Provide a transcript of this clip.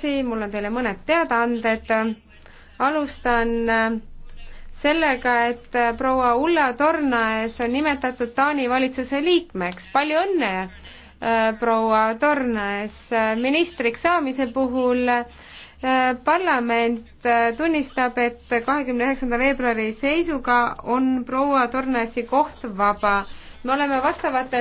siin mul on teile mõned teadaanded. alustan äh, sellega, et äh, proua Ulla Tornaes on nimetatud Taani valitsuse liikmeks. palju õnne, äh, proua Tornaes, ministriks saamise puhul parlament tunnistab, et kahekümne üheksanda veebruari seisuga on proua Tornaesi koht vaba. me oleme vastavatel